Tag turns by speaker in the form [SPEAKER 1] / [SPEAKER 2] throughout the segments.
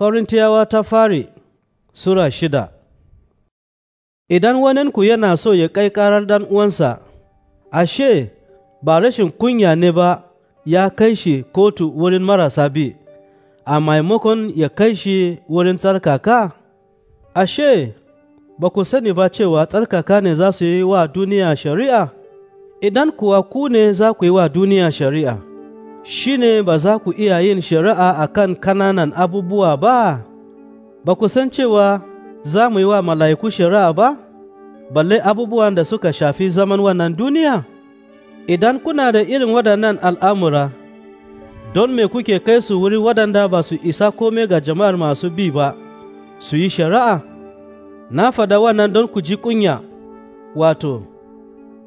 [SPEAKER 1] Korintiyawa ta fari Sura shida Idan waninku yana so ya kai karar dan uwansa, ashe, ba rashin kunya ne ba ya kai shi kotu wurin marasa bi, a maimakon ya kai shi wurin tsarkaka? Ashe, ba ku sani ba cewa tsarkaka ne za su yi wa duniya shari'a? Idan kuwa ku ne za ku yi wa duniya shari'a. shi ne ba za ku iya yin shari'a a kan kananan abubuwa ba, ba ku san cewa za mu yi wa mala'iku shari'a ba, balle abubuwan da suka shafi zaman wannan duniya? Idan kuna da irin waɗannan al'amura, don me kuke kai su wuri waɗanda ba su isa kome ga jama'ar masu bi ba, su yi shari'a? Na fada wannan don ku ji kunya, wato,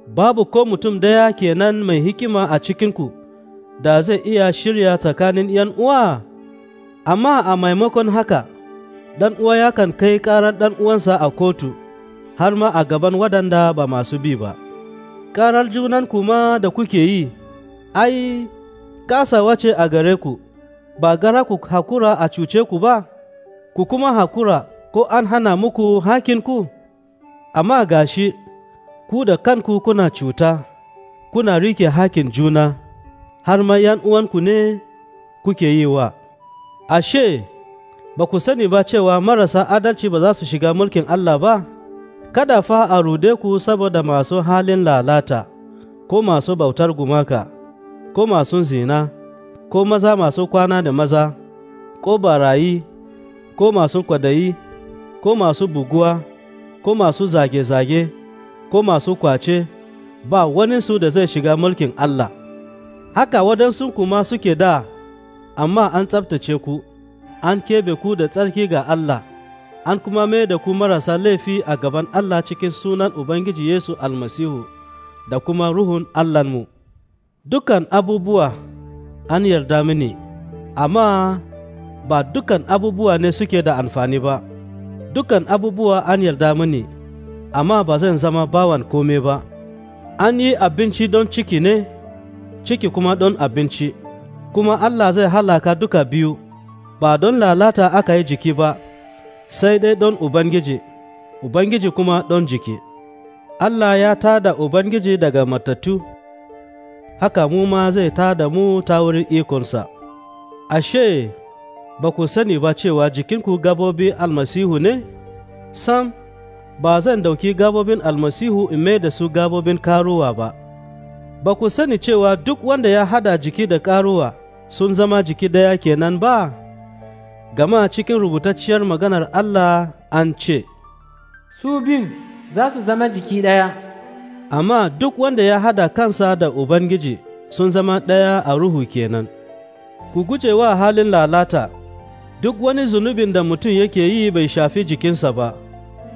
[SPEAKER 1] babu ko mutum ɗaya kenan mai hikima a cikinku. da zai iya shirya tsakanin ‘yan uwa, amma a maimakon haka, ɗan uwa ya kan kai ƙarar ɗan uwansa a kotu, har ma a gaban waɗanda ba masu bi ba. Ƙarar junan kuma da kuke yi, ai, kasawa ce a gare ku, ba gara ku hakura a cuce ku ba, ku kuma hakura ko an hana muku ku. amma gashi, ku da kanku kuna cuta, kuna rike hakin juna. har ma ’yan uwanku ne kuke yi wa, ashe, ba ku sani ba cewa marasa adalci ba za su shiga mulkin Allah ba, kada fa a rude ku saboda masu halin lalata, ko masu bautar gumaka, ko masu zina, ko maza masu kwana da maza, ko barayi, ko masu kwadayi, ko masu buguwa, ko masu zage-zage, ko masu kwace, ba waninsu da zai shiga mulkin Allah. haka waɗansu kuma suke da, amma an tsabtace ku, an kebe ku da tsarki ga Allah, an kuma mai da ku marasa laifi a gaban Allah cikin sunan Ubangiji Yesu almasihu da kuma Ruhun Allahnmu. Dukan abubuwa an yarda mini, amma ba dukan abubuwa ne suke da amfani ba, dukan abubuwa an yarda mini, amma ba zan zama bawan kome ba. An yi abinci don ciki ne? ciki kuma don abinci, kuma Allah zai halaka duka biyu, ba don lalata aka yi jiki ba, sai dai don Ubangiji, Ubangiji kuma don jiki. Allah ya tada Ubangiji daga matattu, haka mu ma zai tada mu ta wurin ikonsa. Ashe, ba ku sani ba cewa jikinku gabobi almasihu ne? Sam, ba zan dauki gabobin almasihu in mai da su gabobin karuwa ba. ba ku sani cewa duk wanda ya hada jiki da ƙaruwa sun zama jiki ɗaya kenan ba, gama cikin rubutacciyar maganar Allah an ce, Su bin za su zama jiki ɗaya. Amma duk wanda ya hada kansa da Ubangiji sun zama ɗaya a ruhu kenan. Ku guje wa halin lalata, duk wani zunubin da mutum yake yi bai shafi jikinsa ba,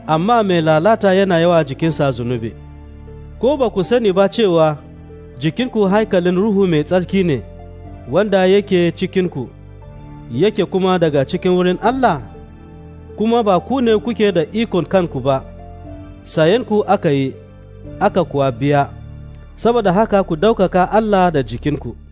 [SPEAKER 1] amma mai lalata yana yawa jikinsa zunubi. Ko ba ku sani ba cewa jikinku haikalin ruhu mai tsarki ne wanda yake cikinku yake kuma daga cikin wurin Allah kuma ba ku ne kuke da ikon kanku ba sayenku aka yi aka kuwa biya saboda haka ku ɗaukaka Allah da jikinku.